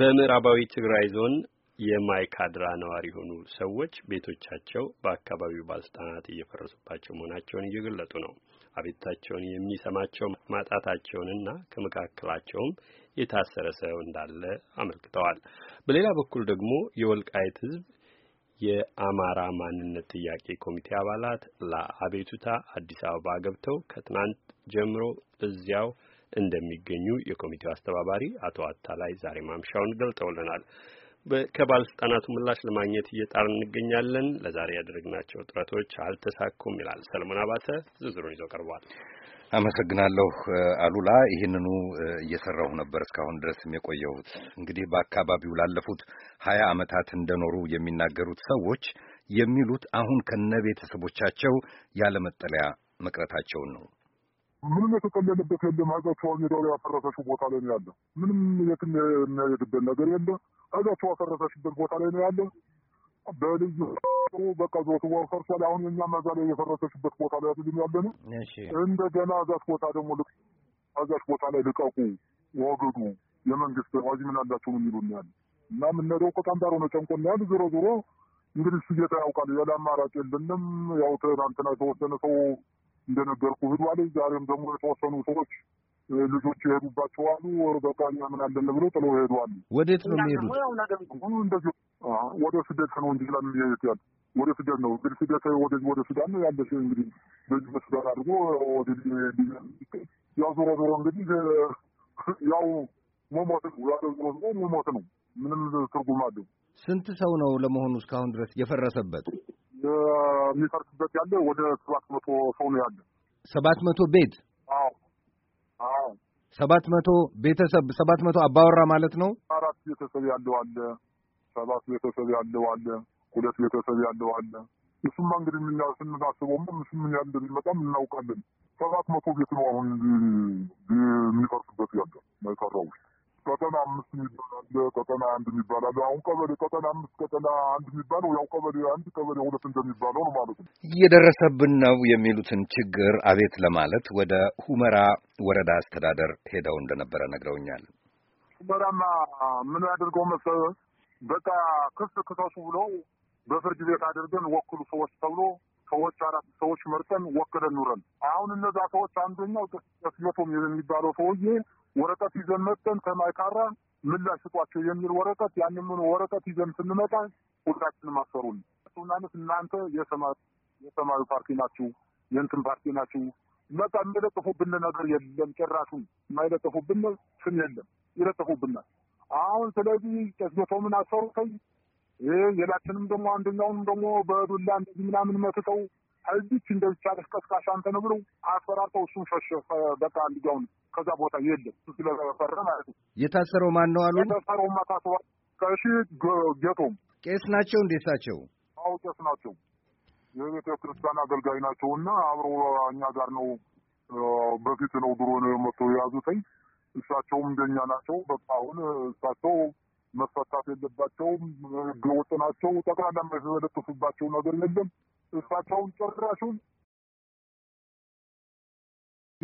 በምዕራባዊ ትግራይ ዞን የማይካድራ ነዋሪ የሆኑ ሰዎች ቤቶቻቸው በአካባቢው ባለስልጣናት እየፈረሱባቸው መሆናቸውን እየገለጡ ነው። አቤቱታቸውን የሚሰማቸው ማጣታቸውንና ከመካከላቸውም የታሰረ ሰው እንዳለ አመልክተዋል። በሌላ በኩል ደግሞ የወልቃይት ሕዝብ የአማራ ማንነት ጥያቄ ኮሚቴ አባላት ለአቤቱታ አዲስ አበባ ገብተው ከትናንት ጀምሮ እዚያው እንደሚገኙ የኮሚቴው አስተባባሪ አቶ አታላይ ዛሬ ማምሻውን ገልጠውልናል። ከባለስልጣናቱ ምላሽ ለማግኘት እየጣር እንገኛለን። ለዛሬ ያደረግናቸው ጥረቶች አልተሳኩም ይላል ሰለሞን አባተ። ዝርዝሩን ይዞ ቀርቧል። አመሰግናለሁ አሉላ። ይህንኑ እየሰራሁ ነበር እስካሁን ድረስም የቆየሁት። እንግዲህ በአካባቢው ላለፉት ሀያ ዓመታት እንደኖሩ የሚናገሩት ሰዎች የሚሉት አሁን ከነ ቤተሰቦቻቸው ያለመጠለያ መቅረታቸውን ነው። ምንም የተቀለለበት የለም። ሀዛቸዋ ሜዳው ላይ ያፈረሰችው ቦታ ላይ ነው ያለ። ምንም የት የሚያሄድበት ነገር የለ። ሀዛቸው ያፈረሰችበት ቦታ ላይ ነው ያለ። በልዩ በቃ ዞት ፈርሷል። አሁን የኛ መዛ ላይ የፈረሰችበት ቦታ ላይ አድልም ያለ ነው። እንደገና ሀዛች ቦታ ደግሞ ልቅ ሀዛች ቦታ ላይ ልቀቁ፣ ወግዱ፣ የመንግስት ዋዚ ምን አላቸው የሚሉ ያለ እና የምንሄደው በጣም ዳሮ ነው። ጨንቆ ያል ዞሮ ዞሮ እንግዲህ ስጌታ ያውቃል። ያለ አማራጭ የለንም። ያው ትናንትና የተወሰነ ሰው እንደነገርኩ ህዷ ዛሬም ደግሞ የተወሰኑ ሰዎች ልጆች የሄዱባቸው አሉ። በቃ እኛ ምን አለን ብለው ጥለው ሄዱ አሉ። ወዴት ነው የሚሄዱት? እንደዚህ ወደ ስደት ነው እንጂ ለሚሄዱት ያሉ ወደ ስደት ነው እንግዲህ ስደት ወደ ወደ ሱዳን ነው ያለ እንግዲህ በዚህ በሱዳን አድርጎ ያው ዞሮ ዞሮ እንግዲህ ያው መሞት ነው። ያው ዞሮ ዞሮ መሞት ነው። ምንም ትርጉም አለው ስንት ሰው ነው ለመሆኑ እስካሁን ድረስ የፈረሰበት? የሚፈርስበት ያለው ወደ ሰባት መቶ ሰው ነው ያለ። ሰባት መቶ ቤት? አዎ አዎ። ሰባት መቶ ቤተሰብ ሰባት መቶ አባወራ ማለት ነው። አራት ቤተሰብ ያለው አለ፣ ሰባት ቤተሰብ ያለው አለ፣ ሁለት ቤተሰብ ያለው አለ። እሱማ እንግዲህ ምና ስናስበው ምስ ምን ያህል እንደሚመጣም እናውቃለን። ሰባት መቶ ቤት ነው አሁን የሚፈርስበት ያለ ውስጥ ቀጠና አምስት የሚባል አለ፣ ቀጠና አንድ የሚባል አለ። አሁን ቀበሌ ቀጠና አምስት ቀጠና አንድ የሚባለው ያው ቀበሌ አንድ ቀበሌ ሁለት እንደሚባለው ነው ማለት ነው። እየደረሰብን ነው የሚሉትን ችግር አቤት ለማለት ወደ ሁመራ ወረዳ አስተዳደር ሄደው እንደነበረ ነግረውኛል። ሁመራማ ምን ያደርገው መሰለህ፣ በቃ ክስ ክሰሱ ብለው በፍርድ ቤት አድርገን ወክሉ ሰዎች ተብሎ ሰዎች አራት ሰዎች መርጠን ወክለን ኑረን አሁን እነዛ ሰዎች አንደኛው ስመቶም የሚባለው ሰውዬ ወረቀት ይዘን መጠን ተማይካራ ምላሽ ስጧቸው የሚል ወረቀት ያንን ወረቀት ይዘን ስንመጣ ሁላችንም አሰሩን። ሱናነት እናንተ የሰማዩ ፓርቲ ናችሁ፣ የእንትን ፓርቲ ናችሁ፣ በቃ የሚለጥፉብን ነገር የለም። ጭራሹን የማይለጥፉብን ስም የለም፣ ይለጥፉብናል። አሁን ስለዚህ ጨዝበቶ ምን አሰሩተኝ የላችንም ደግሞ አንደኛውንም ደግሞ በዱላ እንደዚህ ምናምን መትተው እዚች እንደብቻ ደስቀስቃሽ አንተ ነው ብሎ አስፈራርተው እሱን ሸሸ። በቃ ልጃውን ከዛ ቦታ የለም እሱ ስለፈረ ማለት ነው። የታሰረው ማን ነው አሉ። የታሰረው ታስሯል። ከሺ ጌቶም ቄስ ናቸው እንዴት ናቸው? አዎ ቄስ ናቸው። የቤተ ክርስቲያን አገልጋይ ናቸው። እና አብሮ እኛ ጋር ነው በፊት ነው ድሮ ነው መጥተው የያዙትኝ። እሳቸውም እንደኛ ናቸው። በቃ አሁን እሳቸው መፈታት የለባቸውም። ህገወጥ ናቸው። ጠቅላላ የተለጠፉባቸው ነገር የለም። እሳቸውን ጨራሹን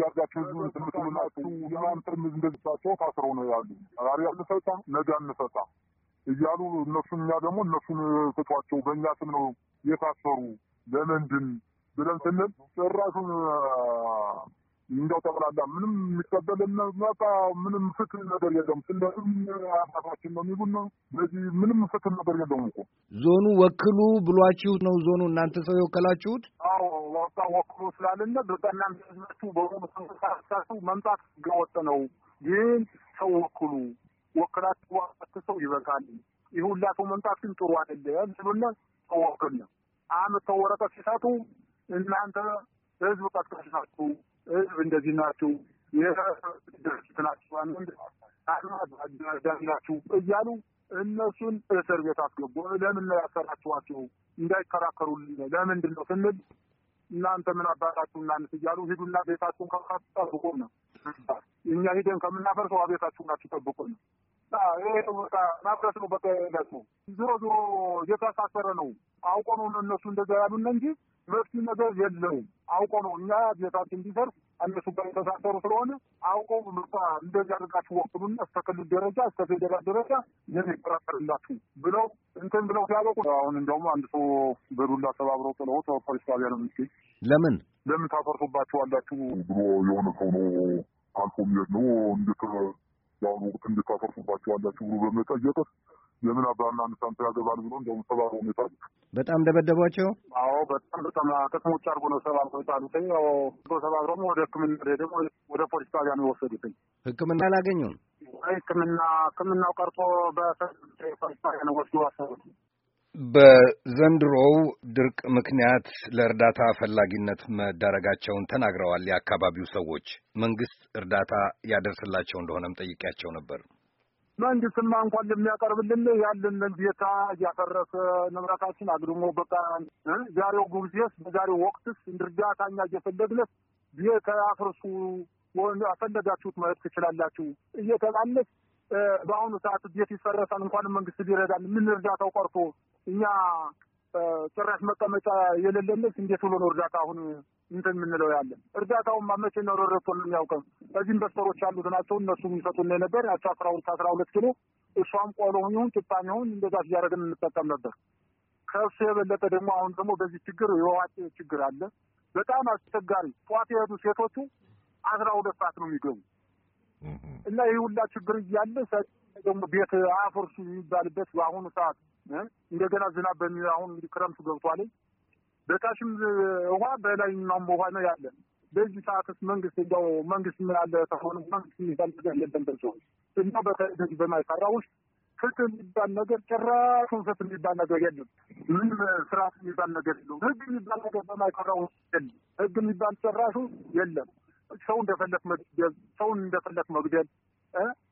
ያርጋችሁ ህዝቡን ትምትሉናችሁ የማን ትርምዝ እንደዚሳቸው ታስረው ነው ያሉ። ዛሬ አንፈታ ነገ አንፈታ እያሉ እነሱን እኛ ደግሞ እነሱን ፍቷቸው በእኛ ስም ነው የታሰሩ ለምንድን ብለን ስንል ጭራሹን እንደው ጠቅላላ ምንም የሚቀበልን መጣ ምንም ፍትህ ነገር የለም። ስለ ህዝብ አባታችን ነው የሚሉን ነው። ስለዚህ ምንም ፍትህ ነገር የለውም እኮ ዞኑ ወክሉ ብሏችሁ ነው ዞኑ እናንተ ሰው የወከላችሁት? አዎ ወጣ ወክሎ ስላልን በቃ እናንተ ህዝባችሁ በሆኑ ሰሳሱ መምጣት ገወጥ ነው። ይህን ሰው ወክሉ ወክላችሁ ዋት ሰው ይበቃል። ይህ ሰው መምጣት ግን ጥሩ አይደለም ብሎና ሰው ወክል ነው አምተው ወረቀት ሲሰጡ እናንተ ህዝብ ቀጥቀሽ ናችሁ ህዝብ እንደዚህ ናችሁ የድርጅት ናችሁ አንድ አድማዳሚ ናችሁ እያሉ እነሱን እስር ቤት አስገቡ። ለምን ነው ያሰራችኋቸው? እንዳይከራከሩልኝ ነው። ለምንድን ነው ስንል እናንተ ምን አባታችሁ እናንስ እያሉ ሂዱና ቤታችሁን ከፋት ጠብቁ ነው እኛ ሂደን ከምናፈርሰው ቤታችሁን ናችሁ ጠብቁ ነው። ማፍረስ ነው በቃ ነው። ዞሮ ዞሮ እየተሳሰረ ነው። አውቆ ነው እነሱ እንደዛ ያሉን እንጂ መፍትሄ ነገር የለውም። አውቆ ነው እኛ ቤታችን እንዲፈርስ እነሱ ጋር የተሳሰሩ ስለሆነ አውቆ ምርጫ እንደዚህ አድርጋችሁ ወክሉና እስከ ክልል ደረጃ እስከ ፌዴራል ደረጃ የሚከራከርላችሁ ብለው እንትን ብለው ሲያበቁ አሁን እንደውም አንድ ሰው በዱላ ተባብረው ጥለውት ፖሊስ ጣቢያ ነው የሚገኝ። ለምን ለምን ታፈርሱባችኋላችሁ ብሎ የሆነ ሰው ነው አልፎ የሚሄድ ነው እንዴት በአሁኑ ወቅት እንዴት ታፈርሱባችኋላችሁ ብሎ በመጠየቅ የምን አባና አንሳንተ ያገባል ብሎ እንደውም ሰባብሮ ሁኔታ በጣም ደበደቧቸው። አዎ በጣም በጣም ከተሞች አድርጎ ነው ሰባ ሰባብሮ ሰባ ሰባብሮም ወደ ሕክምና ደግሞ ወደ ፖሊስ ጣቢያ ነው የወሰዱትኝ። ሕክምና አላገኙም። ሕክምና ሕክምናው ቀርቶ በፖሊስ ጣቢያ ነው ወስዶ አሰሩት። በዘንድሮው ድርቅ ምክንያት ለእርዳታ ፈላጊነት መዳረጋቸውን ተናግረዋል የአካባቢው ሰዎች። መንግስት እርዳታ ያደርስላቸው እንደሆነም ጠይቄያቸው ነበር። መንግስትማ እንኳን ለሚያቀርብልን ያለን ቤታ እያፈረሰ ንብረታችን አግድሞ በቃ ዛሬው ጉብዜስ በዛሬው ወቅትስ እርዳታኛ እየፈለግነት ቤት አፍርሱ ፈለጋችሁት መሄድ ትችላላችሁ እየተባለች በአሁኑ ሰዓት ቤት ይፈረሳል። እንኳንም መንግስት ቢረዳል ምን እርዳታው ቀርቶ እኛ ጭራሽ መቀመጫ የሌለነት እንዴት ብሎ ነው እርዳታ አሁን እንትን የምንለው ያለ እርዳታውን ማመቼ ነው ረረቶልን ያውቀም። በዚህ ኢንቨስተሮች ያሉት ናቸው እነሱ የሚሰጡን ነበር ያቸው አስራ ሁለት አስራ ሁለት ኪሎ እሷም ቆሎ ይሁን ጭጣኝ ይሁን እንደዛ እያደረግን እንጠቀም ነበር። ከእሱ የበለጠ ደግሞ አሁን ደግሞ በዚህ ችግር የዋጭ ችግር አለ። በጣም አስቸጋሪ ጠዋት የሄዱ ሴቶቹ አስራ ሁለት ሰዓት ነው የሚገቡ እና ይህ ሁላ ችግር እያለ ደግሞ ቤት አያፈርሱ የሚባልበት በአሁኑ ሰዓት እንደገና ዝናብ በሚ አሁን እንግዲህ ክረምቱ ገብቷል። በታሽም ውሃ በላይኛውም ውሃ ነው ያለ። በዚህ ሰዓትስ መንግስት እንዲያው መንግስት ምን አለ ከሆኑ መንግስት የሚባል ነገር የለም። በዚ እና በዚህ በማይሰራ ውስጥ ፍትህ የሚባል ነገር ጭራሹን ፍትህ የሚባል ነገር የለም። ምንም ስርዓት የሚባል ነገር የለም። ህግ የሚባል ነገር በማይሰራ ውስጥ የለም። ህግ የሚባል ጭራሹ የለም። ሰው እንደፈለክ መግደል፣ ሰውን እንደፈለክ መግደል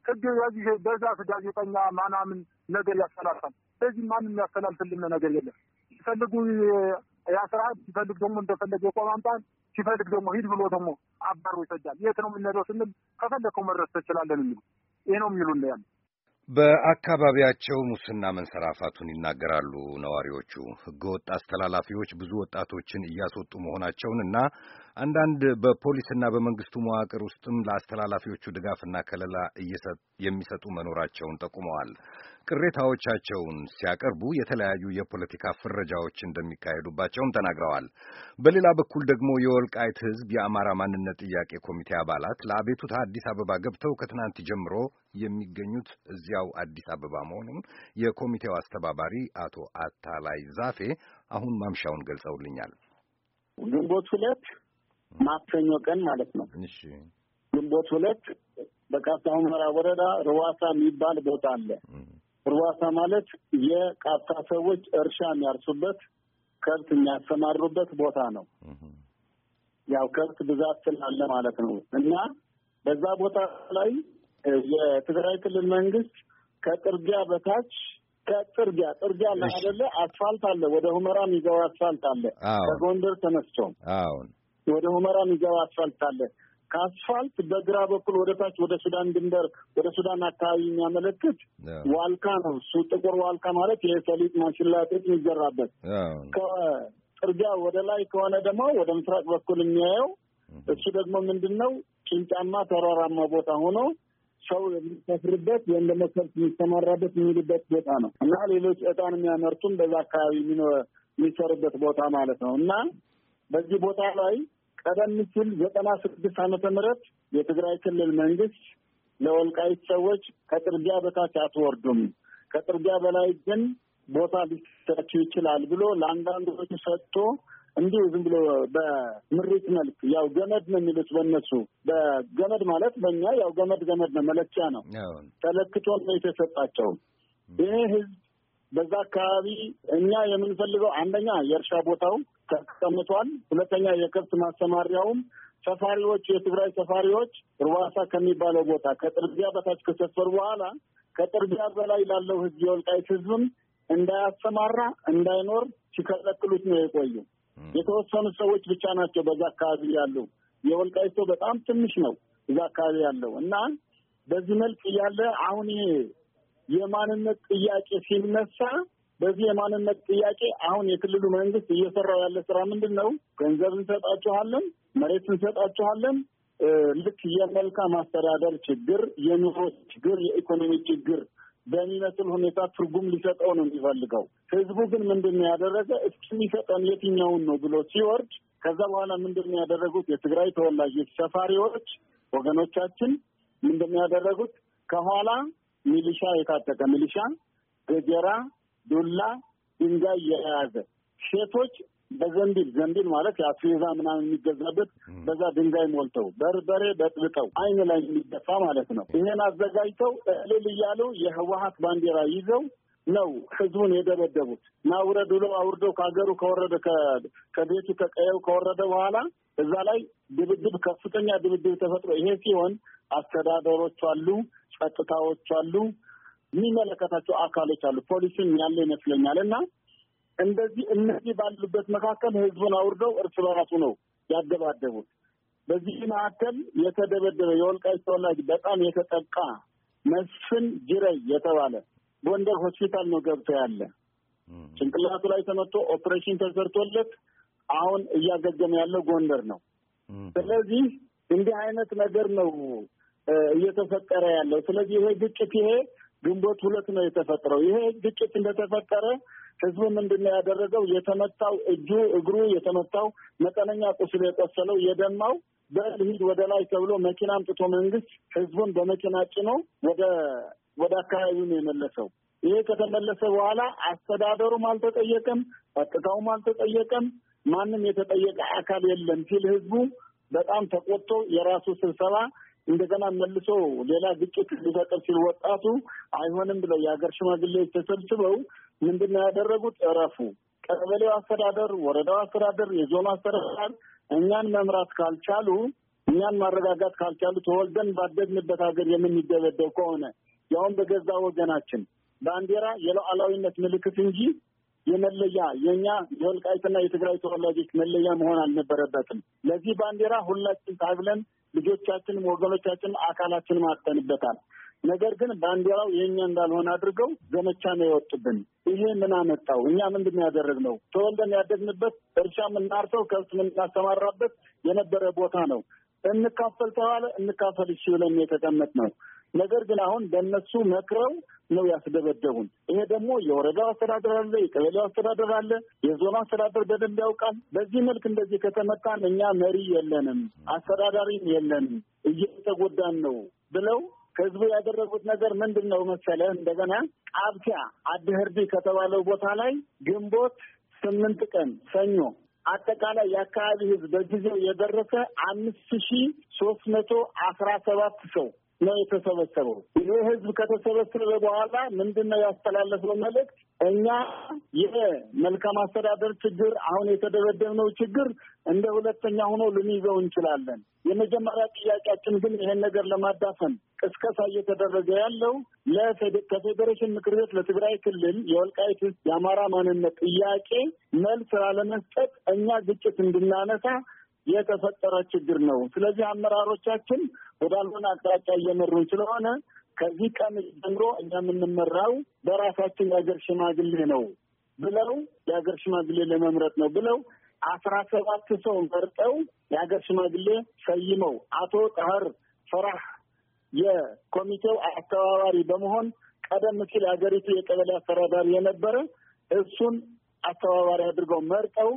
ህግ በዚህ በዛ ጋዜጠኛ ማናምን ነገር ያስተላልፋል። በዚህ ማንም ያስተላልፍልን ነገር የለም። ይፈልጉ ያ ስርዓት ሲፈልግ ደግሞ እንደፈለገ የቆም አምጣን ሲፈልግ ደግሞ ሂድ ብሎ ደግሞ አባሮ ይሰጃል። የት ነው የምንሄደው ስንል ከፈለግከው መድረስ ትችላለን የሚሉ ይህ ነው የሚሉ ያለ በአካባቢያቸው ሙስና መንሰራፋቱን ይናገራሉ ነዋሪዎቹ። ህገወጥ አስተላላፊዎች ብዙ ወጣቶችን እያስወጡ መሆናቸውን እና አንዳንድ በፖሊስና በመንግስቱ መዋቅር ውስጥም ለአስተላላፊዎቹ ድጋፍና ከለላ የሚሰጡ መኖራቸውን ጠቁመዋል። ቅሬታዎቻቸውን ሲያቀርቡ የተለያዩ የፖለቲካ ፍረጃዎች እንደሚካሄዱባቸውም ተናግረዋል። በሌላ በኩል ደግሞ የወልቃይት ሕዝብ የአማራ ማንነት ጥያቄ ኮሚቴ አባላት ለአቤቱታ አዲስ አበባ ገብተው ከትናንት ጀምሮ የሚገኙት እዚያው አዲስ አበባ መሆኑን የኮሚቴው አስተባባሪ አቶ አታላይ ዛፌ አሁን ማምሻውን ገልጸውልኛል። ግንቦት ሁለት ማክሰኞ ቀን ማለት ነው። እሺ ግንቦት ሁለት በቃፍታ ሁመራ ወረዳ ርዋሳ የሚባል ቦታ አለ። ርዋሳ ማለት የቃፍታ ሰዎች እርሻ የሚያርሱበት ከብት የሚያሰማሩበት ቦታ ነው። ያው ከብት ብዛት ስላለ ማለት ነው። እና በዛ ቦታ ላይ የትግራይ ክልል መንግስት ከጥርጊያ በታች ከጥርጊያ ጥርጊያ አይደለ? አስፋልት አለ፣ ወደ ሁመራ የሚገባ አስፋልት አለ ከጎንደር ተነስቶም። አሁን ወደ ሁመራ የሚገባ አስፋልት አለ። ከአስፋልት በግራ በኩል ወደ ታች ወደ ሱዳን ድንበር ወደ ሱዳን አካባቢ የሚያመለክት ዋልካ ነው። እሱ ጥቁር ዋልካ ማለት የሰሊጥ ማሽላ ጥጥ የሚዘራበት። ከጥርጊያ ወደ ላይ ከሆነ ደግሞ ወደ ምስራቅ በኩል የሚያየው እሱ ደግሞ ምንድን ነው ጭንጫማ ተራራማ ቦታ ሆኖ ሰው የሚሰፍርበት ወይም ደግሞ ሰብት የሚሰማራበት የሚሄድበት ቦታ ነው እና ሌሎች እጣን የሚያመርቱም በዛ አካባቢ የሚሰሩበት ቦታ ማለት ነው እና በዚህ ቦታ ላይ ቀደም ሲል ዘጠና ስድስት ዓመተ ምህረት የትግራይ ክልል መንግስት ለወልቃይት ሰዎች ከጥርጊያ በታች አትወርዱም፣ ከጥርጊያ በላይ ግን ቦታ ሊሰጣችሁ ይችላል ብሎ ለአንዳንዶቹ ሰጥቶ እንዲሁ ዝም ብሎ በምሪት መልክ ያው ገመድ ነው የሚሉት በእነሱ በገመድ ማለት በእኛ ያው ገመድ ገመድ ነው መለኪያ ነው ተለክቶ ነው የተሰጣቸው። ይህ ህዝብ በዛ አካባቢ እኛ የምንፈልገው አንደኛ የእርሻ ቦታው ተቀምጧል። ሁለተኛ የከብት ማሰማሪያውም ሰፋሪዎች የትግራይ ሰፋሪዎች እርዋሳ ከሚባለው ቦታ ከጥርቢያ በታች ከሰፈሩ በኋላ ከጥርቢያ በላይ ላለው ህዝብ የወልቃይት ህዝብም እንዳያሰማራ እንዳይኖር ሲከለክሉት ነው የቆዩ። የተወሰኑ ሰዎች ብቻ ናቸው በዛ አካባቢ ያሉ። የወልቃይት ሰው በጣም ትንሽ ነው እዛ አካባቢ ያለው እና በዚህ መልክ እያለ አሁን ይሄ የማንነት ጥያቄ ሲነሳ በዚህ የማንነት ጥያቄ አሁን የክልሉ መንግስት እየሰራው ያለ ስራ ምንድን ነው? ገንዘብ እንሰጣችኋለን፣ መሬት እንሰጣችኋለን። ልክ የመልካም አስተዳደር ችግር፣ የኑሮ ችግር፣ የኢኮኖሚ ችግር በሚመስል ሁኔታ ትርጉም ሊሰጠው ነው የሚፈልገው። ህዝቡ ግን ምንድን ነው ያደረገ? እስኪ የሚሰጠን የትኛውን ነው ብሎ ሲወርድ ከዛ በኋላ ምንድን ነው ያደረጉት? የትግራይ ተወላጆች ሰፋሪዎች ወገኖቻችን ምንድን ነው ያደረጉት? ከኋላ ሚሊሻ የታጠቀ ሚሊሻ ገጀራ ዱላ፣ ድንጋይ የያዘ ሴቶች በዘንቢል ዘንቢል ማለት የአስቤዛ ምናምን የሚገዛበት በዛ ድንጋይ ሞልተው በርበሬ በጥብጠው አይን ላይ የሚደፋ ማለት ነው። ይሄን አዘጋጅተው እልል እያሉ የህወሀት ባንዲራ ይዘው ነው ህዝቡን የደበደቡት እና ውረድ አውርዶ አውርደው ከሀገሩ ከወረደ ከቤቱ ከቀየው ከወረደ በኋላ እዛ ላይ ድብድብ ከፍተኛ ድብድብ ተፈጥሮ ይሄ ሲሆን አስተዳደሮች አሉ፣ ጸጥታዎች አሉ፣ የሚመለከታቸው አካሎች አሉ። ፖሊሱም ያለ ይመስለኛል እና እንደዚህ እነዚህ ባሉበት መካከል ህዝቡን አውርደው እርስ በራሱ ነው ያደባደቡት። በዚህ መካከል የተደበደበ የወልቃይት ተወላጅ በጣም የተጠቃ መስፍን ጅረይ የተባለ ጎንደር ሆስፒታል ነው ገብቶ ያለ ጭንቅላቱ ላይ ተመቶ ኦፕሬሽን ተሰርቶለት አሁን እያገገመ ያለው ጎንደር ነው። ስለዚህ እንዲህ አይነት ነገር ነው እየተፈጠረ ያለው። ስለዚህ ይሄ ግጭት ይሄ ግንቦት ሁለት ነው የተፈጠረው። ይሄ ግጭት እንደተፈጠረ ህዝቡ ምንድን ነው ያደረገው? የተመታው እጁ እግሩ የተመታው መጠነኛ ቁስል የቆሰለው የደማው በል ሂድ ወደ ላይ ተብሎ መኪና አምጥቶ መንግስት ህዝቡን በመኪና ጭኖ ወደ ወደ አካባቢው ነው የመለሰው። ይሄ ከተመለሰ በኋላ አስተዳደሩም አልተጠየቀም፣ ጸጥታውም አልተጠየቀም፣ ማንም የተጠየቀ አካል የለም ሲል ህዝቡ በጣም ተቆጥቶ የራሱ ስብሰባ እንደገና መልሶ ሌላ ግጭት ሊፈጥር ሲል ወጣቱ አይሆንም ብለው የሀገር ሽማግሌዎች ተሰብስበው ምንድን ነው ያደረጉት? እረፉ፣ ቀበሌው አስተዳደር፣ ወረዳው አስተዳደር፣ የዞኑ አስተዳደር እኛን መምራት ካልቻሉ፣ እኛን ማረጋጋት ካልቻሉ ተወልደን ባደግንበት ሀገር የምንደበደብ ከሆነ ያውም በገዛ ወገናችን ባንዲራ የሉዓላዊነት ምልክት እንጂ የመለያ የእኛ የወልቃይትና የትግራይ ተወላጆች መለያ መሆን አልነበረበትም። ለዚህ ባንዲራ ሁላችን ታግለን ልጆቻችንም ወገኖቻችንም አካላችንም አጥተንበታል። ነገር ግን ባንዲራው የእኛ እንዳልሆነ አድርገው ዘመቻ ነው የወጡብን። ይሄ ምን አመጣው? እኛ ምንድን ነው ተወልደን ያደግንበት እርሻ የምናርሰው ከብት የምናሰማራበት የነበረ ቦታ ነው። እንካፈል ተባለ። እንካፈል እሺ ብለን ነው። ነገር ግን አሁን በእነሱ መክረው ነው ያስደበደቡን። ይሄ ደግሞ የወረዳው አስተዳደር አለ፣ የቀበሌው አስተዳደር አለ፣ የዞኑ አስተዳደር በደንብ ያውቃል። በዚህ መልክ እንደዚህ ከተመጣን እኛ መሪ የለንም፣ አስተዳዳሪም የለንም፣ እየተጎዳን ነው ብለው ከህዝቡ ያደረጉት ነገር ምንድን ነው መሰለህ? እንደገና ቃብቲያ አድህርቢ ከተባለው ቦታ ላይ ግንቦት ስምንት ቀን ሰኞ አጠቃላይ የአካባቢ ህዝብ በጊዜው የደረሰ አምስት ሺ ሶስት መቶ አስራ ሰባት ሰው ነው የተሰበሰበው። ይሄ ህዝብ ከተሰበሰበ በኋላ ምንድን ነው ያስተላለፍነው መልእክት? እኛ የመልካም አስተዳደር ችግር አሁን የተደበደብነው ችግር እንደ ሁለተኛ ሆኖ ልንይዘው እንችላለን። የመጀመሪያ ጥያቄያችን ግን ይሄን ነገር ለማዳፈን ቅስቀሳ እየተደረገ ያለው ከፌዴሬሽን ምክር ቤት ለትግራይ ክልል የወልቃይት የአማራ ማንነት ጥያቄ መልስ ላለመስጠት እኛ ግጭት እንድናነሳ የተፈጠረ ችግር ነው። ስለዚህ አመራሮቻችን ወዳልሆነ አቅጣጫ እየመሩን ስለሆነ ከዚህ ቀን ጀምሮ እኛ የምንመራው በራሳችን የሀገር ሽማግሌ ነው ብለው የሀገር ሽማግሌ ለመምረጥ ነው ብለው አስራ ሰባት ሰው መርጠው የሀገር ሽማግሌ ሰይመው አቶ ጠህር ፈራህ የኮሚቴው አስተባባሪ በመሆን ቀደም ሲል ሀገሪቱ የቀበሌ አስተዳዳሪ የነበረ እሱን አስተባባሪ አድርገው መርጠው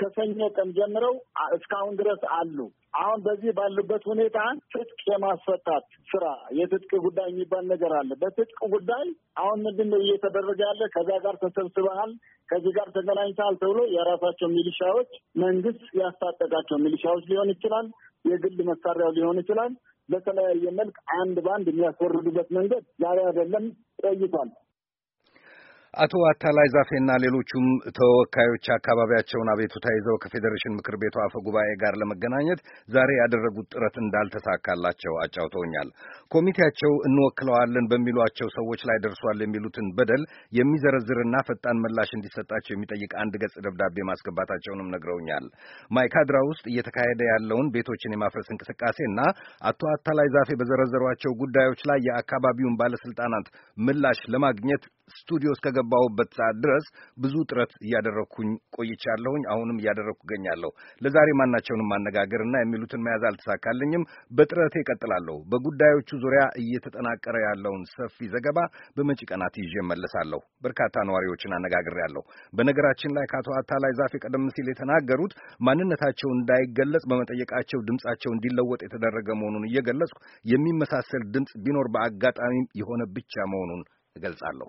ከሰኞ ቀን ጀምረው እስካሁን ድረስ አሉ። አሁን በዚህ ባሉበት ሁኔታ ትጥቅ የማስፈታት ስራ የትጥቅ ጉዳይ የሚባል ነገር አለ። በትጥቅ ጉዳይ አሁን ምንድን ነው እየተደረገ ያለ? ከዚያ ጋር ተሰብስበሃል፣ ከዚህ ጋር ተገናኝተሃል ተብሎ የራሳቸው ሚሊሻዎች መንግስት ያስታጠቃቸው ሚሊሻዎች ሊሆን ይችላል፣ የግል መሳሪያው ሊሆን ይችላል። በተለያየ መልክ አንድ በአንድ የሚያስወርዱበት መንገድ ዛሬ አይደለም ቆይቷል። አቶ አታላይ ዛፌና ሌሎቹም ተወካዮች አካባቢያቸውን አቤቱታ ይዘው ከፌዴሬሽን ምክር ቤቱ አፈ ጉባኤ ጋር ለመገናኘት ዛሬ ያደረጉት ጥረት እንዳልተሳካላቸው አጫውተውኛል። ኮሚቴያቸው እንወክለዋለን በሚሏቸው ሰዎች ላይ ደርሷል የሚሉትን በደል የሚዘረዝርና ፈጣን ምላሽ እንዲሰጣቸው የሚጠይቅ አንድ ገጽ ደብዳቤ ማስገባታቸውንም ነግረውኛል። ማይካድራ ውስጥ እየተካሄደ ያለውን ቤቶችን የማፍረስ እንቅስቃሴና አቶ አታላይ ዛፌ በዘረዘሯቸው ጉዳዮች ላይ የአካባቢውን ባለስልጣናት ምላሽ ለማግኘት ስቱዲዮ እስከገባሁበት ሰዓት ድረስ ብዙ ጥረት እያደረግኩኝ ቆይቻለሁኝ። አሁንም እያደረግኩ እገኛለሁ። ለዛሬ ማናቸውንም ማነጋገርና የሚሉትን መያዝ አልተሳካልኝም። በጥረቴ እቀጥላለሁ። በጉዳዮቹ ዙሪያ እየተጠናቀረ ያለውን ሰፊ ዘገባ በመጪ ቀናት ይዤ መለሳለሁ። በርካታ ነዋሪዎችን አነጋግሬያለሁ። በነገራችን ላይ ከአቶ አታላይ ዛፌ ቀደም ሲል የተናገሩት ማንነታቸው እንዳይገለጽ በመጠየቃቸው ድምጻቸው እንዲለወጥ የተደረገ መሆኑን እየገለጽኩ የሚመሳሰል ድምፅ ቢኖር በአጋጣሚ የሆነ ብቻ መሆኑን እገልጻለሁ።